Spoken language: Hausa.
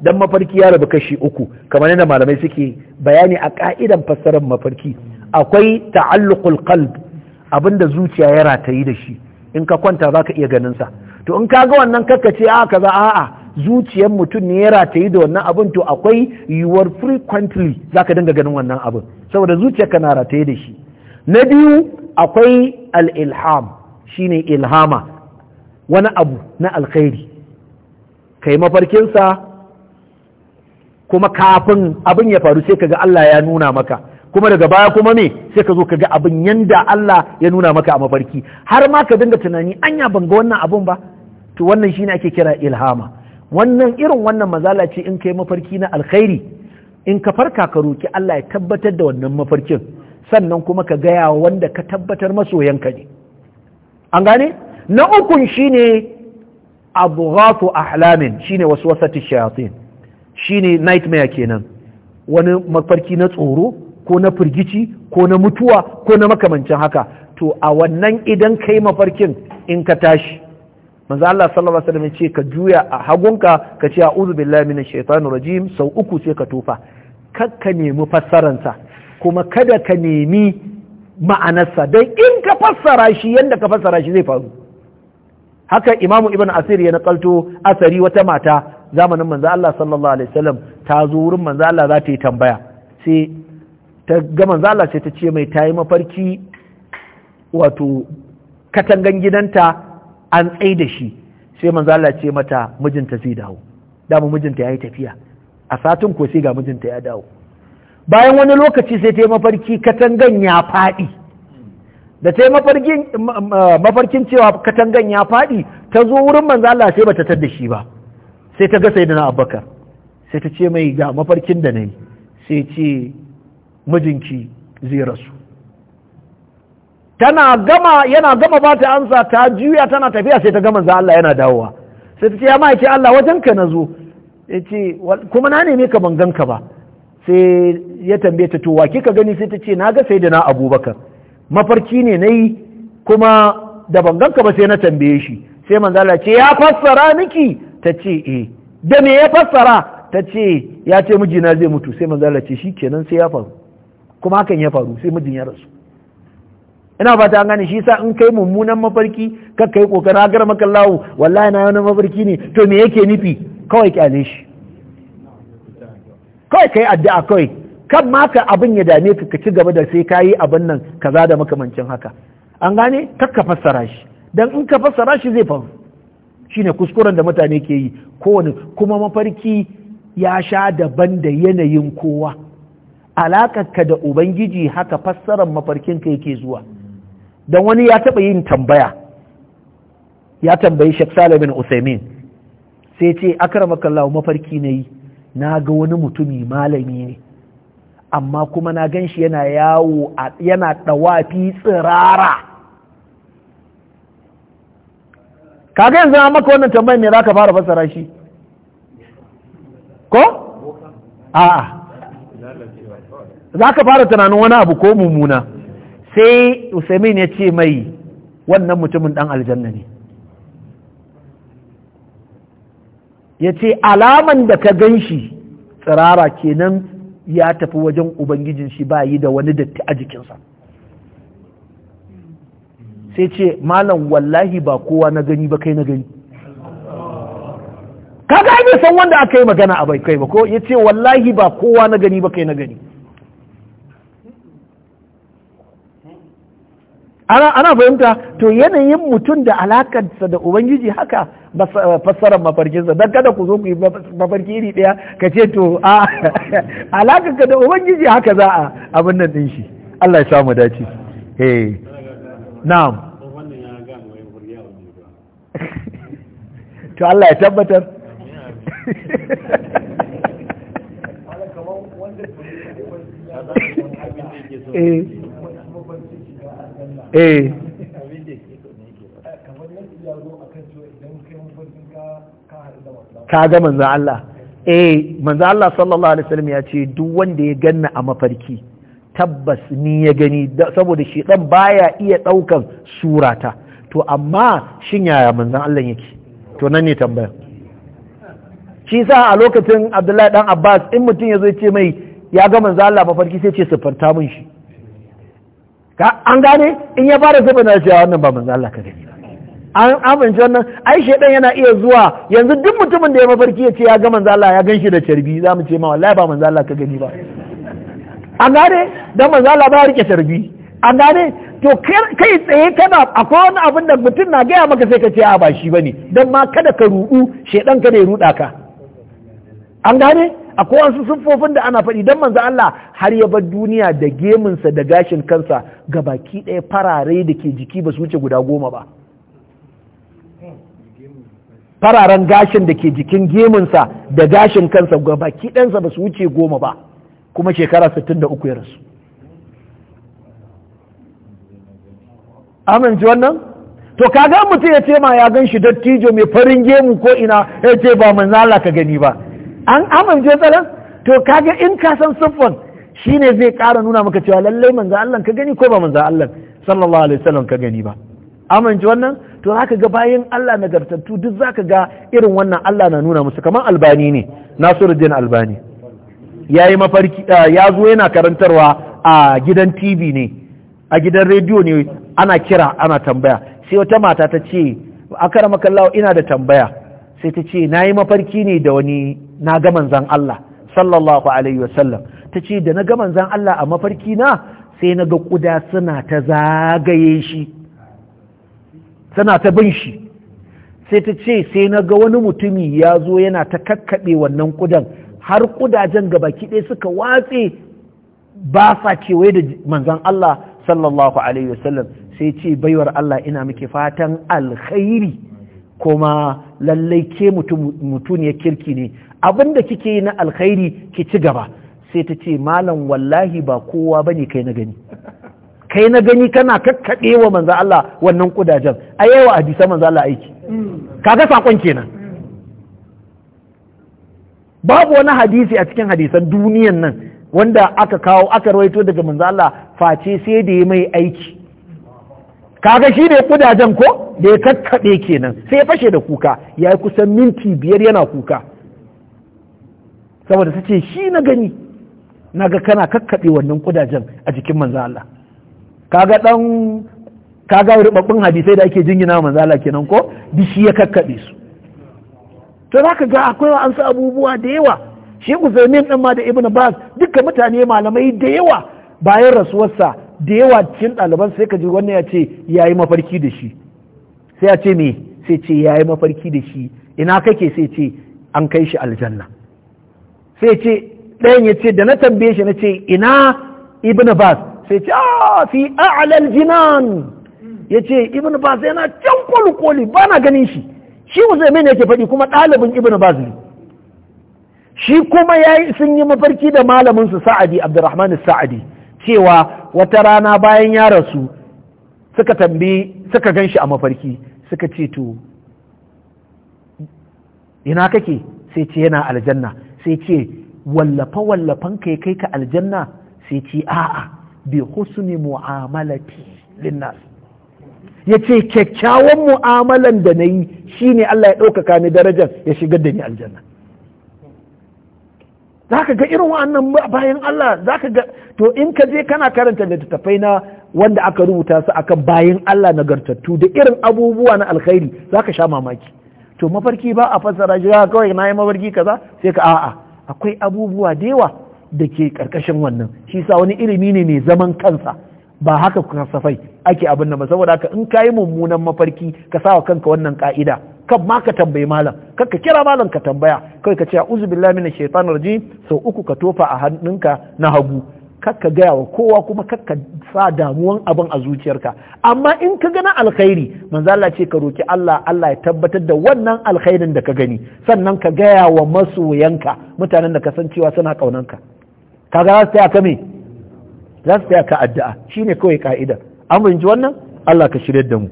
dan mafarki ya rabu kashi uku kamar yadda malamai suke bayani a ka'idan fassarar mafarki akwai ta'alluqul qalb abinda zuciya ya ratayi da shi in ka kwanta zaka iya ganin sa to in ka ga wannan kaka ce a ah, kaza a'a zuciyar mutum ne ya ratayi da wannan abin to akwai yiwuwar frequently zaka dinga ganin wannan abin saboda zuciyar ka na rataye da shi na biyu akwai al-ilham shine ilhama wani abu na alkhairi kai mafarkinsa kuma kafin abin ya faru sai kaga Allah ya nuna maka kuma daga baya kuma me sai ka zo ka ga abin yanda Allah ya nuna maka a mafarki har ma ka dinga tunani anya ban ga wannan abun ba to wannan shine ake kira ilhama wannan irin wannan mazala ce in kai mafarki na alkhairi in ka farka ka roki Allah ya tabbatar da wannan mafarkin sannan kuma ka gaya wanda ka tabbatar masoyanka ne an gane na ukun shine abghatu ahlamin shine waswasatu shayatin shine nightmare kenan wani mafarki na tsoro ko na firgici ko na mutuwa ko na makamancin haka to a wannan idan kai mafarkin in ka tashi manzo Allah sallallahu alaihi wasallam ce ka juya a hagunka ka ce a'udhu billahi minash shaitanir rajim sau uku sai ka tofa kakka nemi fassararsa kuma kada ka nemi ma'anarsa don in ka fassara shi yadda ka fassara shi zai faru haka imamu ibn asir ya nakalto asari wata mata zamanin manzo Allah sallallahu alaihi wasallam ta zo wurin manzo Allah za ta yi tambaya sai ta ga manzo Allah sai ta ce mai tayi mafarki wato katangan gidanta an tsai da shi sai manzo Allah ce mata mijinta zai dawo dama mijinta yayi tafiya a satin ko sai ga mijinta ya dawo bayan wani lokaci sai ta yi mafarki katangan ya faɗi da ta yi mafarkin cewa katangan ya faɗi ta zo wurin manzo Allah sai bata tar da shi ba sai ta ga sayyidina abubakar sai ta ce mai ga mafarkin da nayi sai ce mijinki zai rasu tana gama yana gama ba ta ansa ta juya tana tafiya sai ta gama za Allah yana dawowa sai ta ce ya ma ce Allah wajen ka na ya ce kuma na nemi ka ban ka ba sai ya tambaye ta to wa kika gani sai ta ce na ga sai da na abubakar mafarki ne na yi kuma da ban ka ba sai na tambaye shi sai manzo ce ya fassara miki ta ce e, da me ya fassara ta ce ya ce mijina zai mutu sai manzala ce shi kenan sai ya faru kuma hakan ya faru sai mijin ya rasu ina fata an gane shi sa in kai mummunan mafarki kar kai kokarin agar maka lawo wallahi na yana mafarki ne to me yake nufi kawai kyale shi kawai kai addu'a kawai kan ma abin ya dame ka ka ci gaba da sai kayi abin nan kaza da makamancin haka an gane kakka fassara shi dan in ka fassara shi zai faru shine kuskuren da mutane ke yi kowane kuma mafarki ya sha daban da yanayin kowa alakarka da ubangiji haka fassarar ka yake zuwa don wani ya taɓa yin tambaya ya tambayi Sheikh salamin Usaimin sai ce akramakallahu mafarki na yi na ga wani mutumi malami ne amma kuma na gan shi yana yawo yana ɗawafi tsirara kaga yanzu an maka wannan tambayar me zaka fara fassara shi ko a'a zaka fara tunanin wani abu ko mummuna sai Usaimin ya ce mai wannan mutumin dan aljanna ne ya ce alaman da ka gan shi tsirara kenan ya tafi wajen ubangijin shi ba yi da wani datti a jikinsa sai ce malam wallahi ba kowa na gani ba kai na gani kaga ne san wanda aka yi magana a bai kai ba ko ya ce wallahi ba kowa na gani ba kai na gani ana ana fahimta to yanayin mutum da alakarsa da ubangiji haka eh, fassarar mafarkinsa don kada ku zo ku yi mafarki iri ɗaya ka ce to a ka da ubangiji haka za a abin nan ɗin shi Allah ya samu dace eh na'am to Allah ya tabbatar eh. Eh. ka ga manzan Allah eh manzan Allah sallallahu alaihi wasallam ya ce duk wanda ya ganna a mafarki tabbas ni ya gani saboda shi dan baya iya daukan surata to amma shin yaya manzan Allah yake to nan ne tambaya shi sa a lokacin abdullahi dan abbas in mutum ya zo ce mai ya ga manzo Allah mafarki sai ce siffanta mun shi ka an gane in ya fara na shi wannan ba manzo Allah ka gani an amince wannan ai shedan yana iya zuwa yanzu duk mutumin da ya mafarki ya ce ya ga manzo Allah ya ganshi da tarbi za mu ce ma wallahi ba manzo Allah ka gani ba an gane dan manzo Allah ba ya rike tarbi an gane to kai tsaye kana akwai wani abin da mutum na gaya maka sai ka ce a ba shi bane don ma kada ka rudu shedan kada ya ruda ka an gane akwai wasu siffofin da ana faɗi dan manzo Allah har ya bar duniya da geminsa da gashin kansa ga baki ɗaya farare da ke jiki ba su wuce guda goma ba fararen gashin da ke jikin geminsa da gashin kansa ga baki ɗansa ba su wuce goma ba kuma shekara 63 ya rasu amince wannan to kaga mutum ya ce ma ya gan shi dattijo mai farin gemu ko ina ya ce ba manzo zala ka gani ba an amince tsalan to kaga in ka san siffan shine zai ƙara nuna maka cewa lallai manzo Allah ka gani ko ba manzo Allah sallallahu alaihi wasallam ka gani ba amince wannan to zaka ga bayan Allah nagartattu duk zaka ga irin wannan Allah na nuna musu kamar albani ne Nasiruddin albani yayi mafarki ya zo yana karantarwa a gidan TV ne a gidan rediyo ne ana kira ana tambaya sai wata mata ta ce akara makallawa ina da tambaya sai ta ce na yi mafarki ne da wani na ga manzan Allah sallallahu alaihi wasallam ta ce da na ga manzan Allah a mafarki na sai na ga kuda suna ta zagaye shi suna ta bin shi sai ta ce sai na ga wani mutumi ya zo yana ta kakkaɓe wannan kudan har kudajen gabaki ɗaya suka watse ba sa kewaye da manzan Allah sallallahu alaihi wasallam sai ce baiwar Allah ina muke fatan alkhairi kuma lallai ke mutum ya kirki ne abin kike yi na alkhairi ki ci gaba sai ta ce malam wallahi ba kowa bane kai na gani kai na gani kana kakkaɗe wa manzo Allah wannan kudajen a yawa hadisa manzo Allah aiki kaga sakon kenan babu wani hadisi a cikin hadisan duniyan nan wanda aka kawo aka rawaito daga manzo Allah face sai da ya mai aiki kaga shi ne kudajen ko da ya kakkaɓe kenan sai ya fashe da kuka ya yi kusan minti biyar yana kuka saboda sace shi na gani na ga kana kakkaɓe wannan kudajen a jikin manzo Allah kaga dan kaga rubabbin hadisai da ake jingina manzo Allah kenan ko shi ya kakkaɓe su to zaka ga akwai wa an sa abubuwa da yawa shi Usaimin din ma da Ibn Bas dukkan mutane malamai da yawa bayan rasuwarsa da yawa cikin ɗaliban sai ka ji wannan ya ce ya yi mafarki da shi sai ya ce me sai ce ya yi mafarki da shi ina kake sai ce an kai shi aljanna sai ce ɗayan ya ce da na tambaye shi na ce ina ibn bas sai ce ah fi a'lal jinan ya ce ibn bas yana can kwalkwali ba na ganin shi shi uzaimin yake faɗi kuma ɗalibin ibn bas ne shi kuma ya sun yi mafarki da malamin su sa'adi abdurrahman sa'adi cewa wata rana bayan ya rasu suka tambi suka gan shi a mafarki suka ce to ina kake sai ce yana aljanna sai ce wallafa wallafan ka kai ka aljanna sai ce a'a bi husni mu'amalati linnas ya ce kyakkyawan mu'amalan da na yi shi ne Allah ya ɗaukaka ni darajar ya shigar da ni aljanna za ka ga irin wa'annan bayan Allah za ka ga to in ka je kana karanta littattafai na wanda aka rubuta su akan bayan Allah nagartattu da irin abubuwa na alkhairi za ka sha mamaki to mafarki ba a fassara shi ah, kawai na yi mafarki kaza sai ka a'a akwai abubuwa da yawa da ke karkashin wannan shi sa wani ilimi ne mai zaman kansa ba haka safai ake abin nan ba saboda haka in ka yi mummunan mafarki ka sa wa kanka wannan ka'ida kan ma ka tambayi malam kan ka kira malam ka tambaya kai ka ce a'udhu billahi minash shaitani rajim sau uku ka tofa a hannunka na hagu kar ka gaya wa kowa kuma kar ka sa damuwan abin a zuciyarka amma in ka gana alkhairi manzo Allah ce ka roki Allah Allah ya tabbatar da wannan alkhairin da ka gani sannan ka gaya wa masoyanka mutanen da ka san cewa suna kaunanka kaga za su taya ka me za su taya ka addu'a shine kawai ka'ida an ji wannan Allah ka shirye da mu